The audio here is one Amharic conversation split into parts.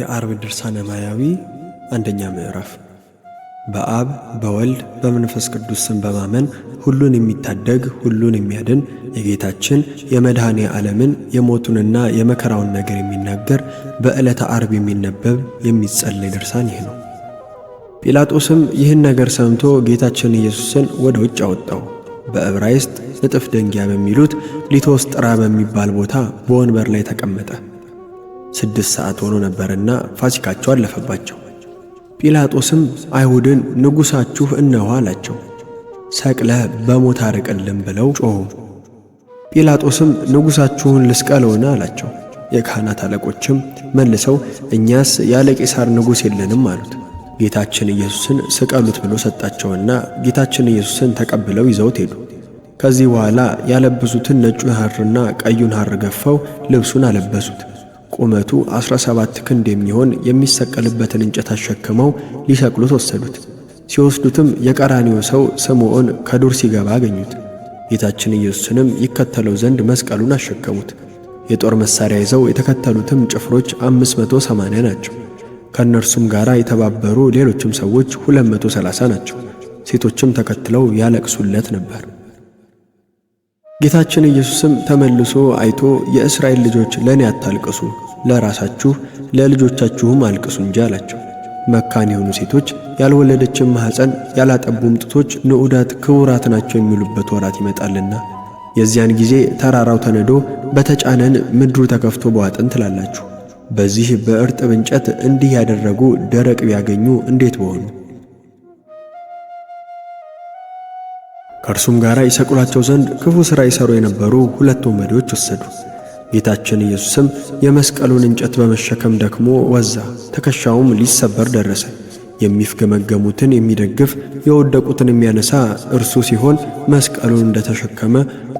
የአርብ ድርሳነ ማያዊ አንደኛ ምዕራፍ በአብ በወልድ በመንፈስ ቅዱስ ስም በማመን ሁሉን የሚታደግ ሁሉን የሚያድን የጌታችን የመድኃኔ ዓለምን የሞቱንና የመከራውን ነገር የሚናገር በዕለተ አርብ የሚነበብ የሚጸለይ ድርሳን ይህ ነው። ጲላጦስም ይህን ነገር ሰምቶ ጌታችን ኢየሱስን ወደ ውጭ አወጣው። በዕብራይስጥ ንጥፍ ደንጊያ በሚሉት ሊቶስጥራ በሚባል ቦታ በወንበር ላይ ተቀመጠ። ስድስት ሰዓት ሆኖ ነበርና ፋሲካቸው አለፈባቸው። ጲላጦስም አይሁድን ንጉሣችሁ እነሆ አላቸው። ሰቅለ በሞት አርቅልን ብለው ጮኹ። ጲላጦስም ንጉሣችሁን ልስቀለውን አላቸው። የካህናት አለቆችም መልሰው እኛስ ያለ ቄሳር ንጉሥ የለንም አሉት። ጌታችን ኢየሱስን ስቀሉት ብሎ ሰጣቸውና ጌታችን ኢየሱስን ተቀብለው ይዘውት ሄዱ። ከዚህ በኋላ ያለበሱትን ነጩን ሐርና ቀዩን ሐር ገፈው ልብሱን አለበሱት። ቁመቱ 17 ክንድ የሚሆን የሚሰቀልበትን እንጨት አሸክመው ሊሰቅሉት ወሰዱት። ሲወስዱትም የቀራኒው ሰው ስምዖን ከዱር ሲገባ አገኙት። ጌታችን ኢየሱስንም ይከተለው ዘንድ መስቀሉን አሸከሙት። የጦር መሳሪያ ይዘው የተከተሉትም ጭፍሮች 580 ናቸው። ከእነርሱም ጋር የተባበሩ ሌሎችም ሰዎች 230 ናቸው። ሴቶችም ተከትለው ያለቅሱለት ነበር። ጌታችን ኢየሱስም ተመልሶ አይቶ የእስራኤል ልጆች ለእኔ አታልቅሱ፣ ለራሳችሁ ለልጆቻችሁም አልቅሱ እንጂ አላቸው። መካን የሆኑ ሴቶች ያልወለደችም ማኅፀን ያላጠቡም ጡቶች ንዑዳት ክቡራት ናቸው የሚሉበት ወራት ይመጣልና የዚያን ጊዜ ተራራው ተነዶ በተጫነን ምድሩ ተከፍቶ በዋጥን ትላላችሁ። በዚህ በእርጥብ እንጨት እንዲህ ያደረጉ ደረቅ ቢያገኙ እንዴት በሆኑ ከእርሱም ጋር ይሰቅሏቸው ዘንድ ክፉ ሥራ ይሠሩ የነበሩ ሁለት ወንበዴዎች ወሰዱ። ጌታችን ኢየሱስም የመስቀሉን እንጨት በመሸከም ደክሞ ወዛ፣ ትከሻውም ሊሰበር ደረሰ። የሚፍገመገሙትን የሚደግፍ የወደቁትን የሚያነሳ እርሱ ሲሆን መስቀሉን እንደተሸከመ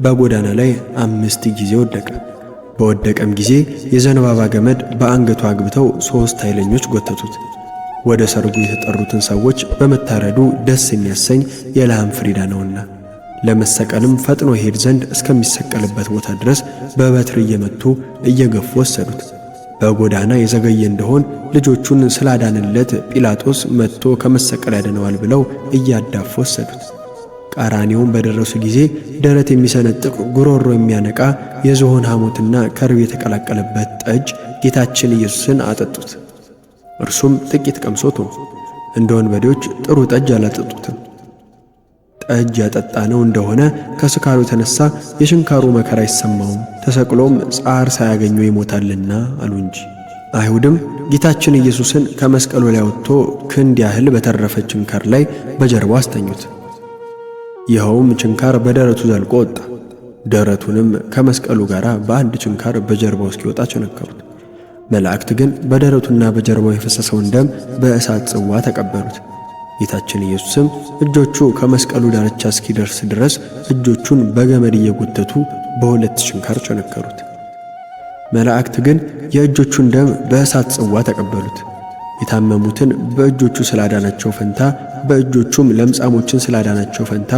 በጎዳና ላይ አምስት ጊዜ ወደቀ። በወደቀም ጊዜ የዘንባባ ገመድ በአንገቱ አግብተው ሦስት ኃይለኞች ጎተቱት። ወደ ሰርጉ የተጠሩትን ሰዎች በመታረዱ ደስ የሚያሰኝ የለሃም ፍሪዳ ነውና ለመሰቀልም ፈጥኖ ይሄድ ዘንድ እስከሚሰቀልበት ቦታ ድረስ በበትር እየመቱ እየገፉ ወሰዱት። በጎዳና የዘገየ እንደሆን ልጆቹን ስላዳንለት ጲላጦስ መጥቶ ከመሰቀል ያድነዋል ብለው እያዳፉ ወሰዱት። ቀራኒውም በደረሱ ጊዜ ደረት የሚሰነጥቅ ጉሮሮ የሚያነቃ የዝሆን ሐሞትና ከርብ የተቀላቀለበት ጠጅ ጌታችን ኢየሱስን አጠጡት። እርሱም ጥቂት ቀምሶቶ እንደ ወንበዴዎች ጥሩ ጠጅ አላጠጡትም። ጠጅ ያጠጣ ነው እንደሆነ ከስካሩ የተነሳ የችንካሩ መከራ አይሰማውም፣ ተሰቅሎም ጻር ሳያገኙ ይሞታልና አሉ እንጂ። አይሁድም ጌታችን ኢየሱስን ከመስቀሉ ላይ ወጥቶ ክንድ ያህል በተረፈ ችንካር ላይ በጀርባ አስተኙት። ይኸውም ችንካር በደረቱ ዘልቆ ወጣ። ደረቱንም ከመስቀሉ ጋር በአንድ ችንካር በጀርባው እስኪወጣ ቸነከሩት። መላእክት ግን በደረቱና በጀርባው የፈሰሰውን ደም በእሳት ጽዋ ተቀበሉት። ጌታችን ኢየሱስም እጆቹ ከመስቀሉ ዳርቻ እስኪደርስ ድረስ እጆቹን በገመድ እየጎተቱ በሁለት ሽንካር ቸነከሩት። መላእክት ግን የእጆቹን ደም በእሳት ጽዋ ተቀበሉት። የታመሙትን በእጆቹ ስላዳናቸው ፈንታ በእጆቹም ለምጻሞችን ስላዳናቸው ፈንታ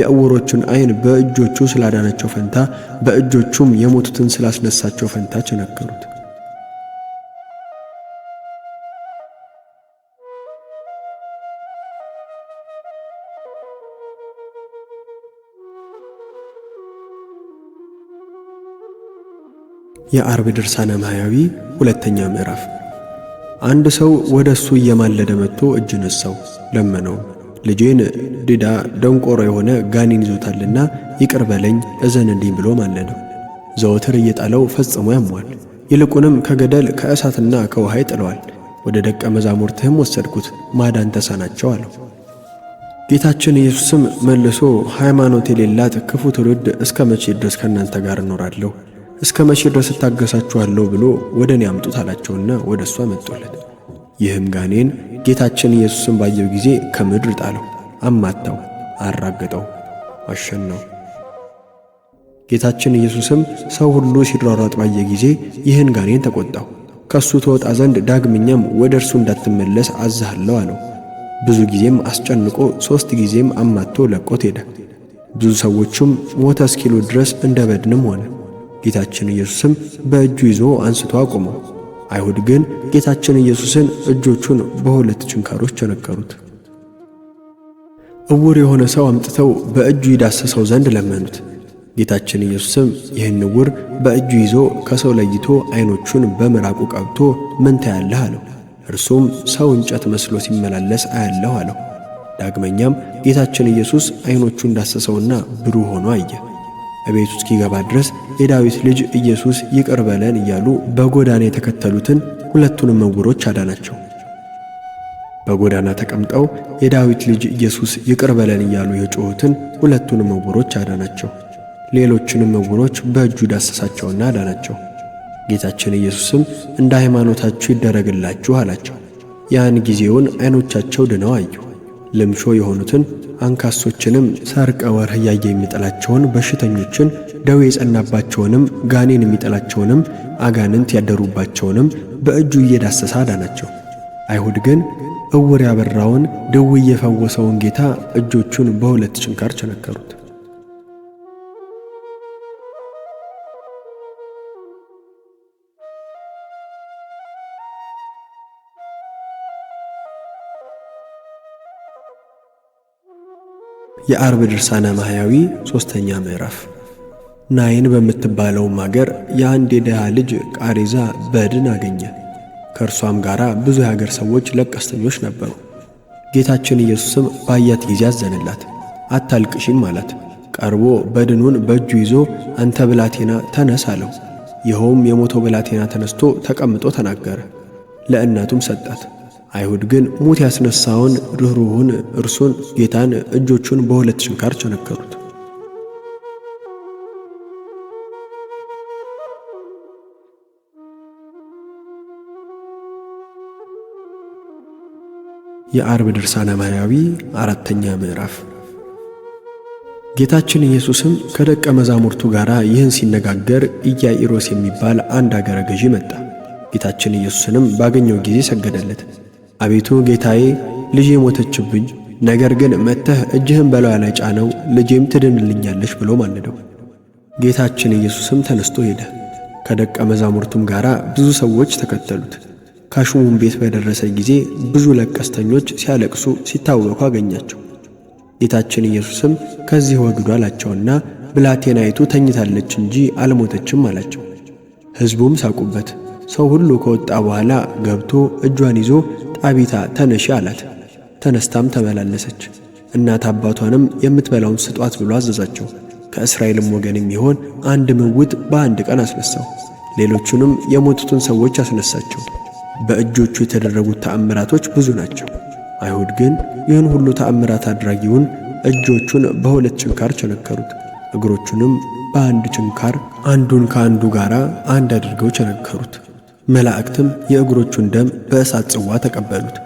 የእውሮቹን ዐይን በእጆቹ ስላዳናቸው ፈንታ በእጆቹም የሞቱትን ስላስነሳቸው ፈንታ ቸነከሩት። የአርብ ድርሳነ ማያዊ ሁለተኛ ምዕራፍ። አንድ ሰው ወደ እሱ እየማለደ መጥቶ እጅ ነሳው፣ ለመነው። ልጄን ድዳ ደንቆሮ የሆነ ጋኔን ይዞታልና ይቅር በለኝ እዘንልኝ ብሎ ማለደው። ዘወትር እየጣለው ፈጽሞ ያሟል። ይልቁንም ከገደል ከእሳትና ከውሃ ይጥለዋል። ወደ ደቀ መዛሙርትህም ወሰድኩት ማዳን ተሳናቸው አለው። ጌታችን ኢየሱስም መልሶ ሃይማኖት የሌላት ክፉ ትውልድ እስከ መቼ ድረስ ከእናንተ ጋር እኖራለሁ እስከ መቼ ድረስ እታገሳችኋለሁ ብሎ ወደ እኔ አምጡት አላቸውና ወደ እሱ አመጡለት። ይህም ጋኔን ጌታችን ኢየሱስን ባየው ጊዜ ከምድር ጣለው፣ አማታው፣ አራገጠው፣ አሸናው። ጌታችን ኢየሱስም ሰው ሁሉ ሲሯሯጥ ባየ ጊዜ ይህን ጋኔን ተቆጣው። ከእሱ ተወጣ ዘንድ ዳግመኛም ወደ እርሱ እንዳትመለስ አዝሃለሁ አለው። ብዙ ጊዜም አስጨንቆ ሦስት ጊዜም አማቶ ለቆት ሄደ። ብዙ ሰዎቹም ሞተ እስኪሉ ድረስ እንደ በድንም ሆነ። ጌታችን ኢየሱስም በእጁ ይዞ አንስቶ አቆመው። አይሁድ ግን ጌታችን ኢየሱስን እጆቹን በሁለት ችንካሮች ቸነከሩት። እውር የሆነ ሰው አምጥተው በእጁ ይዳሰሰው ዘንድ ለመኑት። ጌታችን ኢየሱስም ይህን እውር በእጁ ይዞ ከሰው ለይቶ አይኖቹን በምራቁ ቀብቶ ምን ታያለህ አለው። እርሱም ሰው እንጨት መስሎ ሲመላለስ አያለሁ አለው። ዳግመኛም ጌታችን ኢየሱስ ዓይኖቹ እንዳሰሰውና ብሩህ ሆኖ አየ። እቤቱ እስኪገባ ድረስ የዳዊት ልጅ ኢየሱስ ይቅር በለን እያሉ በጎዳና የተከተሉትን ሁለቱንም ዕውሮች አዳናቸው። በጎዳና ተቀምጠው የዳዊት ልጅ ኢየሱስ ይቅር በለን እያሉ የጮሁትን ሁለቱንም ዕውሮች አዳናቸው። ሌሎችንም ዕውሮች በእጁ ዳሰሳቸውና አዳናቸው። ጌታችን ኢየሱስም እንደ ሃይማኖታችሁ ይደረግላችሁ አላቸው። ያን ጊዜውን ዐይኖቻቸው ድነው አዩ። ልምሾ የሆኑትን አንካሶችንም ሳርቀ ወር እያየ የሚጠላቸውን በሽተኞችን ደዌ የጸናባቸውንም ጋኔን የሚጠላቸውንም አጋንንት ያደሩባቸውንም በእጁ እየዳሰሰ አዳናቸው። አይሁድ ግን እውር ያበራውን ድውይ የፈወሰውን ጌታ እጆቹን በሁለት ጭንካር ቸነከሩት። የአርብ ድርሳነ ማህያዊ ሦስተኛ ምዕራፍ ናይን በምትባለውም አገር የአንድ የድሃ ልጅ ቃሬዛ በድን አገኘ። ከእርሷም ጋር ብዙ የአገር ሰዎች ለቀስተኞች ነበሩ። ጌታችን ኢየሱስም ባያት ጊዜ አዘነላት፣ አታልቅሽም አላት። ቀርቦ በድኑን በእጁ ይዞ አንተ ብላቴና ተነስ አለው። ይኸውም የሞተው ብላቴና ተነስቶ ተቀምጦ ተናገረ። ለእናቱም ሰጣት። አይሁድ ግን ሙት ያስነሳውን ርኅሩኅን እርሱን ጌታን እጆቹን በሁለት ሽንካር ቸነከሩት። የአርብ ድርሳነ ማርያዊ አራተኛ ምዕራፍ ጌታችን ኢየሱስም ከደቀ መዛሙርቱ ጋር ይህን ሲነጋገር ኢያኢሮስ የሚባል አንድ አገረ ገዢ መጣ። ጌታችን ኢየሱስንም ባገኘው ጊዜ ሰገደለት። አቤቱ ጌታዬ ልጄ ሞተችብኝ፣ ነገር ግን መጥተህ እጅህን በላዩ ላይ ጫነው፣ ልጄም ትድንልኛለች ብሎ ማለደው። ጌታችን ኢየሱስም ተነስቶ ሄደ። ከደቀ መዛሙርቱም ጋር ብዙ ሰዎች ተከተሉት። ከሹሙም ቤት በደረሰ ጊዜ ብዙ ለቀስተኞች ሲያለቅሱ ሲታወቁ አገኛቸው። ጌታችን ኢየሱስም ከዚህ ወግዱ አላቸውና ብላቴናይቱ ተኝታለች እንጂ አልሞተችም አላቸው። ሕዝቡም ሳቁበት። ሰው ሁሉ ከወጣ በኋላ ገብቶ እጇን ይዞ አቢታ ተነሺ አላት። ተነስታም ተመላለሰች። እናት አባቷንም የምትበላውን ስጧት ብሎ አዘዛቸው። ከእስራኤልም ወገን የሚሆን አንድ ምውት በአንድ ቀን አስነሳው። ሌሎቹንም የሞቱትን ሰዎች አስነሳቸው። በእጆቹ የተደረጉት ተአምራቶች ብዙ ናቸው። አይሁድ ግን ይህን ሁሉ ተአምራት አድራጊውን እጆቹን በሁለት ችንካር ቸነከሩት፣ እግሮቹንም በአንድ ችንካር አንዱን ከአንዱ ጋር አንድ አድርገው ቸነከሩት። መላእክትም የእግሮቹን ደም በእሳት ጽዋ ተቀበሉት።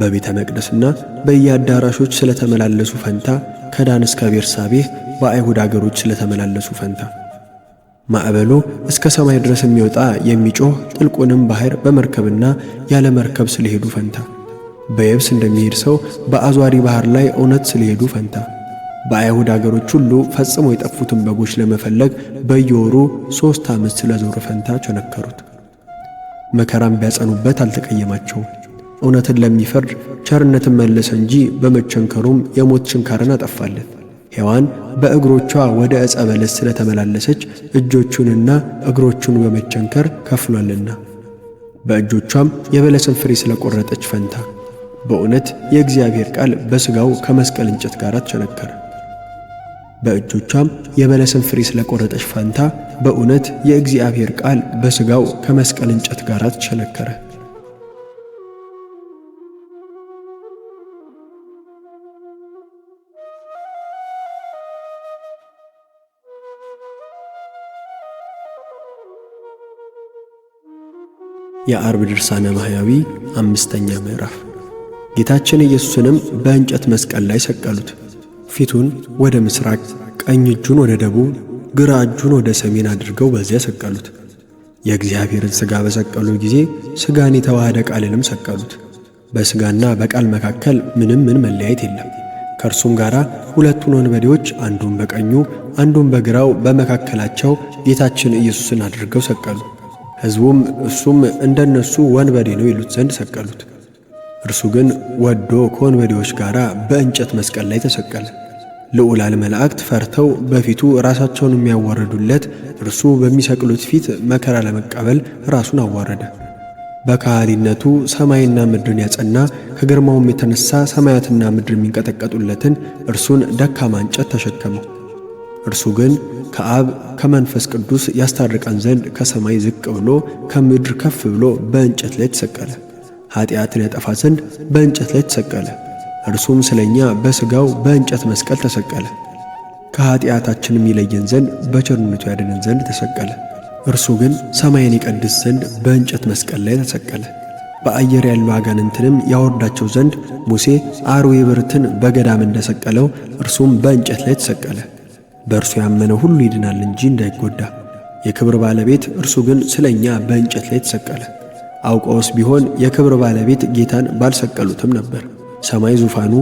በቤተ መቅደስና በየአዳራሾች ስለተመላለሱ ፈንታ ከዳን እስከ ቤርሳቤህ በአይሁድ አገሮች ስለተመላለሱ ፈንታ ማዕበሉ እስከ ሰማይ ድረስ የሚወጣ የሚጮህ ጥልቁንም ባሕር በመርከብና ያለ መርከብ ስለሄዱ ፈንታ በየብስ እንደሚሄድ ሰው በአዟሪ ባሕር ላይ እውነት ስለሄዱ ፈንታ በአይሁድ አገሮች ሁሉ ፈጽሞ የጠፉትን በጎች ለመፈለግ በየወሩ ሦስት ዓመት ስለዞሩ ፈንታ ቸነከሩት። መከራም ቢያጸኑበት አልተቀየማቸውም። እውነትን ለሚፈርድ ቸርነትን መለሰ እንጂ በመቸንከሩም የሞት ችንካርን አጠፋለን። ሔዋን በእግሮቿ ወደ ዕፀ በለስ ስለተመላለሰች እጆቹንና እግሮቹን በመቸንከር ከፍሏልና በእጆቿም የበለስን ፍሬ ስለቆረጠች ፈንታ በእውነት የእግዚአብሔር ቃል በሥጋው ከመስቀል እንጨት ጋር ተቸነከረ። በእጆቿም የበለስን ፍሬ ስለቆረጠች ፋንታ በእውነት የእግዚአብሔር ቃል በሥጋው ከመስቀል እንጨት ጋር ተቸነከረ። የአርብ ድርሳነ ማህያዊ አምስተኛ ምዕራፍ ጌታችን ኢየሱስንም በእንጨት መስቀል ላይ ሰቀሉት። ፊቱን ወደ ምስራቅ፣ ቀኝ እጁን ወደ ደቡብ፣ ግራ እጁን ወደ ሰሜን አድርገው በዚያ ሰቀሉት። የእግዚአብሔርን ሥጋ በሰቀሉ ጊዜ ሥጋን የተዋሃደ ቃልንም ሰቀሉት። በሥጋና በቃል መካከል ምንም ምን መለያየት የለም። ከእርሱም ጋር ሁለቱን ወንበዴዎች አንዱን በቀኙ አንዱን በግራው በመካከላቸው ጌታችን ኢየሱስን አድርገው ሰቀሉ። ሕዝቡም እሱም እንደነሱ ወንበዴ ነው ይሉት ዘንድ ሰቀሉት። እርሱ ግን ወዶ ከወንበዴዎች ጋር በእንጨት መስቀል ላይ ተሰቀለ። ልዑላል መላእክት ፈርተው በፊቱ ራሳቸውን የሚያዋርዱለት እርሱ በሚሰቅሉት ፊት መከራ ለመቀበል ራሱን አዋረደ። በካህሊነቱ ሰማይና ምድርን ያጸና ከግርማውም የተነሳ ሰማያትና ምድር የሚንቀጠቀጡለትን እርሱን ደካማ እንጨት ተሸከመ። እርሱ ግን ከአብ ከመንፈስ ቅዱስ ያስታርቀን ዘንድ ከሰማይ ዝቅ ብሎ ከምድር ከፍ ብሎ በእንጨት ላይ ተሰቀለ። ኃጢአትን ያጠፋ ዘንድ በእንጨት ላይ ተሰቀለ። እርሱም ስለኛ በሥጋው በእንጨት መስቀል ተሰቀለ። ከኀጢአታችንም ይለየን ዘንድ በቸርነቱ ያድነን ዘንድ ተሰቀለ። እርሱ ግን ሰማይን ይቀድስ ዘንድ በእንጨት መስቀል ላይ ተሰቀለ። በአየር ያሉ አጋንንትንም ያወርዳቸው ዘንድ ሙሴ አርዌ ብርትን በገዳም እንደሰቀለው እርሱም በእንጨት ላይ ተሰቀለ። በእርሱ ያመነ ሁሉ ይድናል እንጂ እንዳይጎዳ። የክብር ባለቤት እርሱ ግን ስለ እኛ በእንጨት ላይ ተሰቀለ። አውቀውስ ቢሆን የክብር ባለቤት ጌታን ባልሰቀሉትም ነበር። ሰማይ ዙፋኑ፣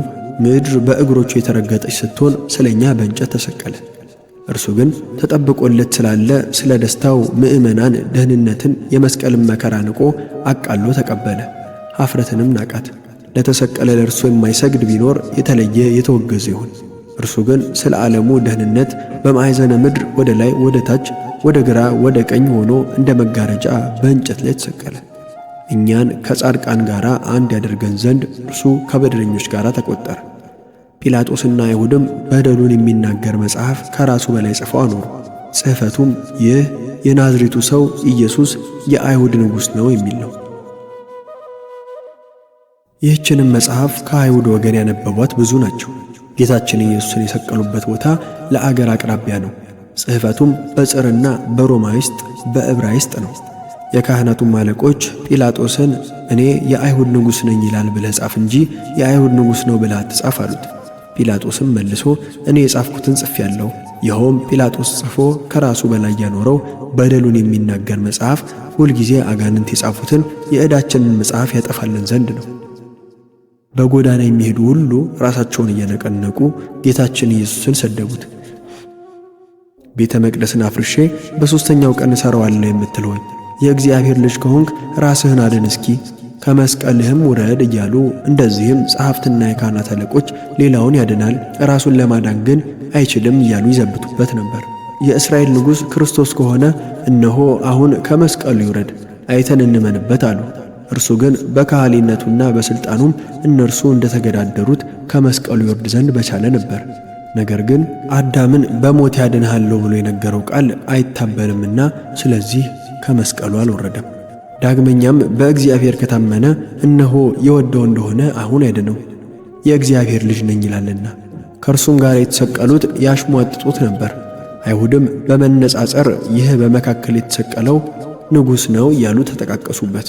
ምድር በእግሮቹ የተረገጠች ስትሆን ስለ እኛ በእንጨት ተሰቀለ። እርሱ ግን ተጠብቆለት ስላለ ስለ ደስታው ምእመናን ደህንነትን የመስቀልን መከራ ንቆ አቃሎ ተቀበለ። አፍረትንም ናቃት። ለተሰቀለ ለእርሱ የማይሰግድ ቢኖር የተለየ የተወገዘ ይሁን። እርሱ ግን ስለ ዓለሙ ደህንነት በማዕዘነ ምድር ወደ ላይ ወደ ታች፣ ወደ ግራ ወደ ቀኝ ሆኖ እንደ መጋረጃ በእንጨት ላይ ተሰቀለ። እኛን ከጻድቃን ጋር አንድ ያደርገን ዘንድ እርሱ ከበደለኞች ጋር ተቆጠረ። ጲላጦስና አይሁድም በደሉን የሚናገር መጽሐፍ ከራሱ በላይ ጽፈው አኖሩ። ጽሕፈቱም ይህ የናዝሬቱ ሰው ኢየሱስ የአይሁድ ንጉሥ ነው የሚል ነው። ይህችንም መጽሐፍ ከአይሁድ ወገን ያነበቧት ብዙ ናቸው። ጌታችን ኢየሱስን የሰቀሉበት ቦታ ለአገር አቅራቢያ ነው። ጽሕፈቱም በጽርና በሮማይስጥ በዕብራይስጥ ነው። የካህናቱም አለቆች ጲላጦስን እኔ የአይሁድ ንጉሥ ነኝ ይላል ብለህ ጻፍ እንጂ የአይሁድ ንጉሥ ነው ብለህ አትጻፍ አሉት። ጲላጦስም መልሶ እኔ የጻፍኩትን ጽፌአለሁ፣ ይኸውም ጲላጦስ ጽፎ ከራሱ በላይ ያኖረው በደሉን የሚናገር መጽሐፍ ሁልጊዜ አጋንንት የጻፉትን የዕዳችንን መጽሐፍ ያጠፋልን ዘንድ ነው። በጎዳና የሚሄዱ ሁሉ ራሳቸውን እየነቀነቁ ጌታችን ኢየሱስን ሰደቡት። ቤተ መቅደስን አፍርሼ በሦስተኛው ቀን እሠራዋለሁ የምትል ሆይ የእግዚአብሔር ልጅ ከሆንክ ራስህን አድን እስኪ ከመስቀልህም ውረድ እያሉ እንደዚህም ጸሐፍትና የካህናት አለቆች ሌላውን ያድናል ራሱን ለማዳን ግን አይችልም እያሉ ይዘብቱበት ነበር። የእስራኤል ንጉሥ ክርስቶስ ከሆነ እነሆ አሁን ከመስቀሉ ይውረድ አይተን እንመንበት አሉ። እርሱ ግን በካህሊነቱና በሥልጣኑም እነርሱ እንደተገዳደሩት ከመስቀሉ ይወርድ ዘንድ በቻለ ነበር። ነገር ግን አዳምን በሞት ያድንሃለሁ ብሎ የነገረው ቃል አይታበልምና ስለዚህ ከመስቀሉ አልወረደም። ዳግመኛም በእግዚአብሔር ከታመነ እነሆ የወደው እንደሆነ አሁን አይደነው የእግዚአብሔር ልጅ ነኝ ይላልና። ከእርሱም ጋር የተሰቀሉት ያሽሟጥጡት ነበር። አይሁድም በመነጻጸር ይህ በመካከል የተሰቀለው ንጉሥ ነው እያሉ ተጠቃቀሱበት።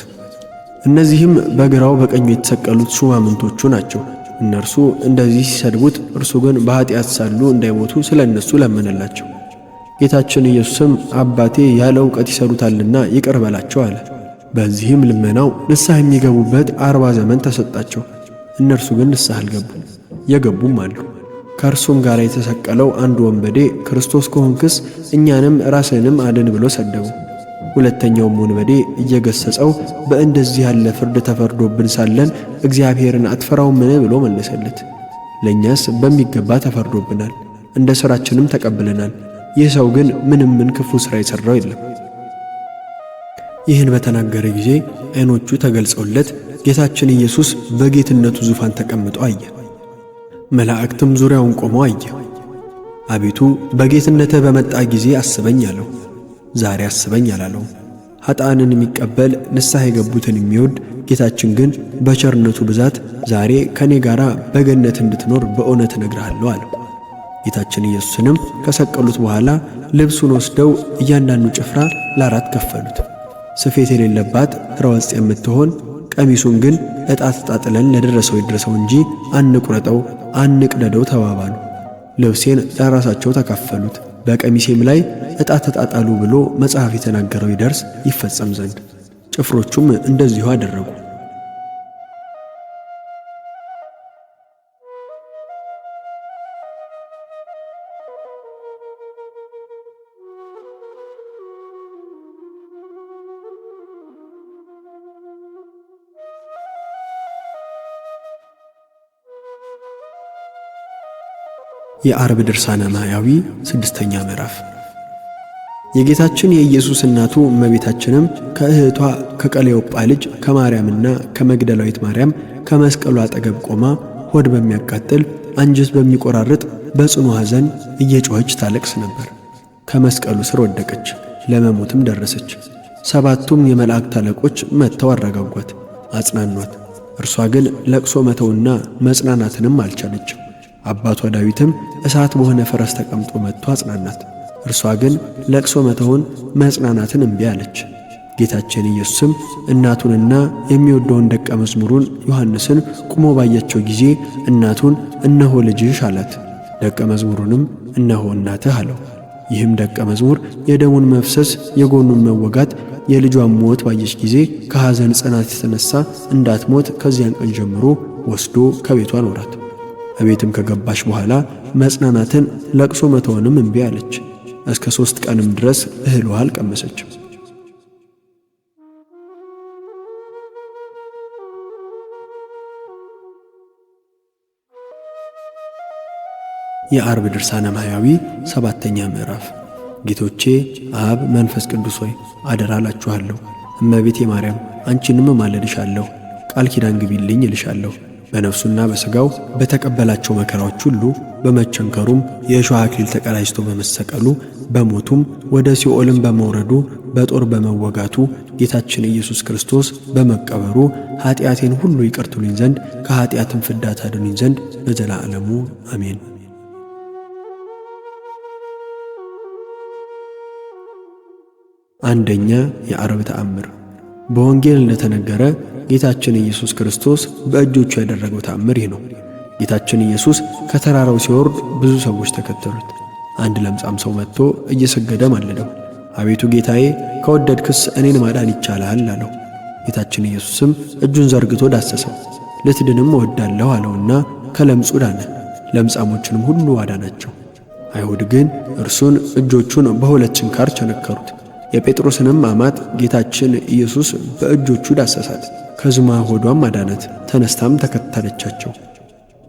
እነዚህም በግራው በቀኙ የተሰቀሉት ሹማምንቶቹ ናቸው። እነርሱ እንደዚህ ሲሰድቡት፣ እርሱ ግን በኃጢአት ሳሉ እንዳይሞቱ ስለ እነሱ ለመነላቸው። ጌታችን ኢየሱስም አባቴ ያለ እውቀት ይሰሩታልና ይቅር በላቸው አለ። በዚህም ልመናው ንስሐ የሚገቡበት አርባ ዘመን ተሰጣቸው። እነርሱ ግን ንስሐ አልገቡም። የገቡም አሉ። ከእርሱም ጋር የተሰቀለው አንድ ወንበዴ ክርስቶስ ከሆንክስ እኛንም ራስንም አድን ብሎ ሰደቡ። ሁለተኛውም ወንበዴ እየገሰጸው በእንደዚህ ያለ ፍርድ ተፈርዶብን ሳለን እግዚአብሔርን አትፈራውምን ብሎ መለሰለት። ለእኛስ በሚገባ ተፈርዶብናል፣ እንደ ሥራችንም ተቀብለናል ይህ ሰው ግን ምንም ምን ክፉ ሥራ የሠራው የለም። ይህን በተናገረ ጊዜ ዐይኖቹ ተገልጸውለት ጌታችን ኢየሱስ በጌትነቱ ዙፋን ተቀምጦ አየ። መላእክትም ዙሪያውን ቆመው አየ። አቤቱ በጌትነትህ በመጣ ጊዜ አስበኝ አለው። ዛሬ አስበኝ አላለው። ኃጣንን የሚቀበል ንስሐ የገቡትን የሚወድ ጌታችን ግን በቸርነቱ ብዛት ዛሬ ከእኔ ጋር በገነት እንድትኖር በእውነት እነግርሃለሁ አለው። ጌታችን ኢየሱስንም ከሰቀሉት በኋላ ልብሱን ወስደው እያንዳንዱ ጭፍራ ለአራት ከፈሉት። ስፌት የሌለባት ኅራ የምትሆን ቀሚሱም ግን ዕጣ ተጣጥለን ለደረሰው ይድረሰው እንጂ አንቁረጠው፣ አንቅደደው ተባባሉ። ልብሴን ለራሳቸው ተካፈሉት፣ በቀሚሴም ላይ ዕጣ ተጣጣሉ ብሎ መጽሐፍ የተናገረው ይደርስ ይፈጸም ዘንድ ጭፍሮቹም እንደዚሁ አደረጉ። የአርብ ድርሳነ ማያዊ ስድስተኛ ምዕራፍ የጌታችን የኢየሱስ እናቱ እመቤታችንም ከእህቷ ከቀሌዮጳ ልጅ ከማርያምና ከመግደላዊት ማርያም ከመስቀሉ አጠገብ ቆማ ሆድ በሚያቃጥል አንጀት በሚቆራርጥ በጽኑ ሐዘን እየጮኸች ታለቅስ ነበር። ከመስቀሉ ስር ወደቀች፣ ለመሞትም ደረሰች። ሰባቱም የመላእክት አለቆች መጥተው አረጋጓት፣ አጽናኗት። እርሷ ግን ለቅሶ መተውና መጽናናትንም አልቻለችም። አባቷ ዳዊትም እሳት በሆነ ፈረስ ተቀምጦ መጥቶ አጽናናት። እርሷ ግን ለቅሶ መተውን መጽናናትን እምቢ አለች። ጌታችን ኢየሱስም እናቱንና የሚወደውን ደቀ መዝሙሩን ዮሐንስን ቁሞ ባያቸው ጊዜ እናቱን እነሆ ልጅሽ አላት። ደቀ መዝሙሩንም እነሆ እናትህ አለው። ይህም ደቀ መዝሙር የደሙን መፍሰስ የጎኑን መወጋት የልጇን ሞት ባየች ጊዜ ከሐዘን ጽናት የተነሳ እንዳትሞት ከዚያን ቀን ጀምሮ ወስዶ ከቤቷ አኖራት። እቤትም ከገባች በኋላ መጽናናትን ለቅሶ መተውንም እምቢ አለች። እስከ ሦስት ቀንም ድረስ እህል ውሃ አልቀመሰችም። የአርብ ድርሳነ ማያዊ ሰባተኛ ምዕራፍ ጌቶቼ አብ መንፈስ ቅዱስ ሆይ አደራ እላችኋለሁ። እመቤቴ ማርያም አንቺንም እማልድሻለሁ፣ ቃል ኪዳን ግቢልኝ እልሻለሁ በነፍሱና በሥጋው በተቀበላቸው መከራዎች ሁሉ በመቸንከሩም የእሾህ አክሊል ተቀዳጅቶ በመሰቀሉ በሞቱም ወደ ሲኦልም በመውረዱ በጦር በመወጋቱ ጌታችን ኢየሱስ ክርስቶስ በመቀበሩ ኀጢአቴን ሁሉ ይቅርቱልኝ ዘንድ ከኀጢአትም ፍዳ ታድኑኝ ዘንድ ለዘላለሙ አሜን። አንደኛ የዓርብ ተአምር በወንጌል እንደተነገረ ጌታችን ኢየሱስ ክርስቶስ በእጆቹ ያደረገው ተአምር ይህ ነው። ጌታችን ኢየሱስ ከተራራው ሲወርድ ብዙ ሰዎች ተከተሉት። አንድ ለምጻም ሰው መጥቶ እየሰገደ ማለደው፣ አቤቱ ጌታዬ ከወደድክስ እኔን ማዳን ይቻላል አለው። ጌታችን ኢየሱስም እጁን ዘርግቶ ዳሰሰው፣ ልትድንም እወዳለሁ አለውና ከለምጹ ዳነ። ለምጻሞቹንም ሁሉ አዳናቸው። አይሁድ ግን እርሱን እጆቹን በሁለት ችንካር ቸነከሩት። የጴጥሮስንም አማት ጌታችን ኢየሱስ በእጆቹ ዳሰሳት። ከዝማ ሆዷም አዳናት። ተነስታም ተከተለቻቸው።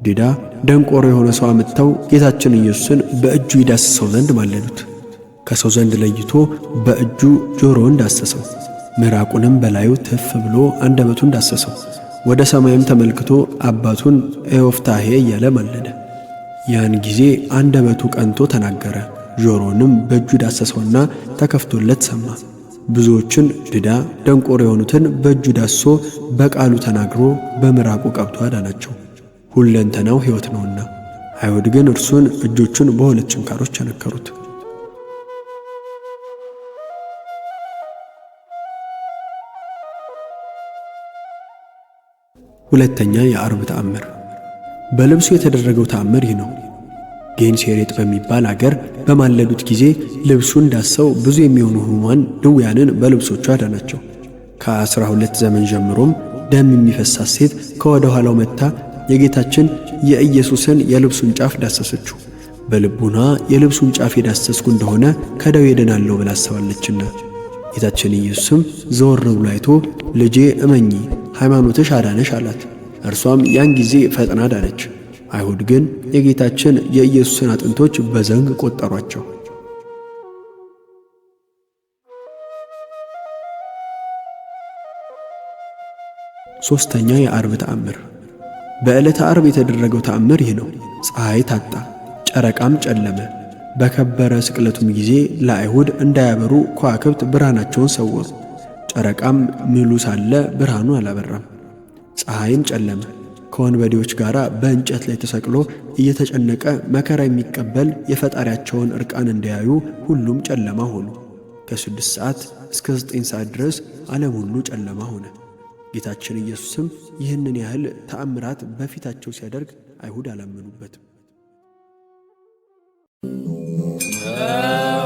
ዲዳ ደንቆሮ የሆነ ሰው አምጥተው ጌታችን ኢየሱስን በእጁ ይዳስሰው ዘንድ ማለዱት። ከሰው ዘንድ ለይቶ በእጁ ጆሮውን ዳሰሰው፣ ምራቁንም በላዩ ትፍ ብሎ አንደበቱን ዳሰሰው። ወደ ሰማይም ተመልክቶ አባቱን ኤዮፍታሄ እያለ ማለደ። ያን ጊዜ አንደበቱ ቀንቶ ተናገረ። ጆሮንም በእጁ ዳሰሰውና ተከፍቶለት ሰማ። ብዙዎችን ድዳ ደንቆሮ የሆኑትን በእጁ ዳሶ በቃሉ ተናግሮ በምራቁ ቀብቶ አዳናቸው። ሁለንተናው ሕይወት ነውና፣ አይሁድ ግን እርሱን እጆቹን በሁለት ችንካሮች ቸነከሩት። ሁለተኛ የአርብ ተአምር። በልብሱ የተደረገው ተአምር ይህ ነው። ጌንሴሬጥ በሚባል አገር በማለዱት ጊዜ ልብሱን ዳሰው ብዙ የሚሆኑ ሕሙማን ድውያንን በልብሶቹ አዳናቸው። ከአስራ ሁለት ዘመን ጀምሮም ደም የሚፈሳት ሴት ከወደ ኋላው መጥታ የጌታችን የኢየሱስን የልብሱን ጫፍ ዳሰሰችው። በልቡና የልብሱን ጫፍ የዳሰስኩ እንደሆነ ከደዌ እድናለሁ ብላ አስባለችና ጌታችን ኢየሱስም ዘወር ብሎ አይቶ ልጄ እመኚ፣ ሃይማኖትሽ አዳነሽ አላት። እርሷም ያን ጊዜ ፈጥና ዳነች። አይሁድ ግን የጌታችን የኢየሱስን አጥንቶች በዘንግ ቆጠሯቸው። ሦስተኛ የአርብ ተአምር። በዕለተ አርብ የተደረገው ተአምር ይህ ነው። ፀሐይ ታጣ፣ ጨረቃም ጨለመ። በከበረ ስቅለቱም ጊዜ ለአይሁድ እንዳያበሩ ከዋክብት ብርሃናቸውን ሰወሩ። ጨረቃም ምሉ ሳለ ብርሃኑ አላበራም፣ ፀሐይም ጨለመ። ከወንበዴዎች ጋር በእንጨት ላይ ተሰቅሎ እየተጨነቀ መከራ የሚቀበል የፈጣሪያቸውን እርቃን እንዲያዩ ሁሉም ጨለማ ሆኑ። ከስድስት ሰዓት እስከ ዘጠኝ ሰዓት ድረስ ዓለም ሁሉ ጨለማ ሆነ። ጌታችን ኢየሱስም ይህንን ያህል ተአምራት በፊታቸው ሲያደርግ አይሁድ አላመኑበትም።